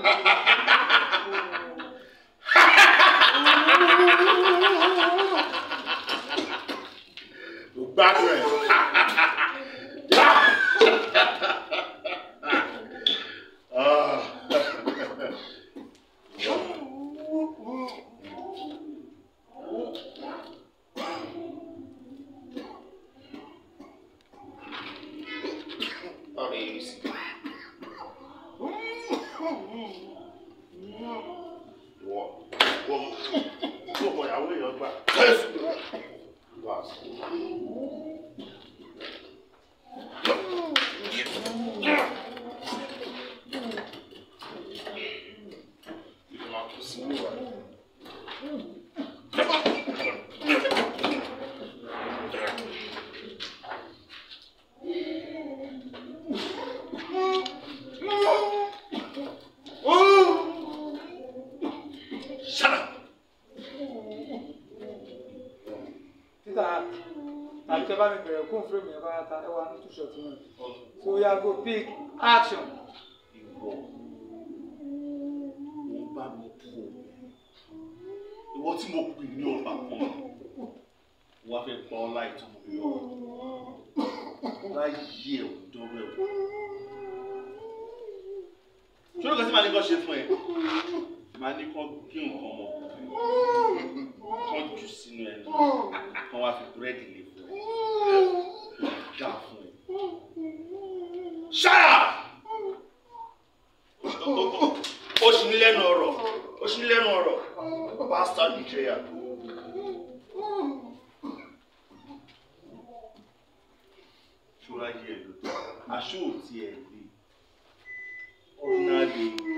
Backwards. Oh, Amazing. wọ wọ So we tẹ́ bá mi go pick action. ìwọ more bá mi kú What ìwọ tí mo pè ní ọba pọ you á fẹ́ Should I get tó mi yọ láyé ẹ máa ní kán gé nǹkan ọmọkùnrin kán jù sínú ẹnu kán wá fi búrẹ́dì lè fún ẹ dá fún ẹ. ṣáà ó sì ń lẹ́nu ọ̀rọ̀ ó sì ń lẹ́nu ọ̀rọ̀ bá a tó. aṣọ òtí ẹ̀ lé ọ̀nà lè.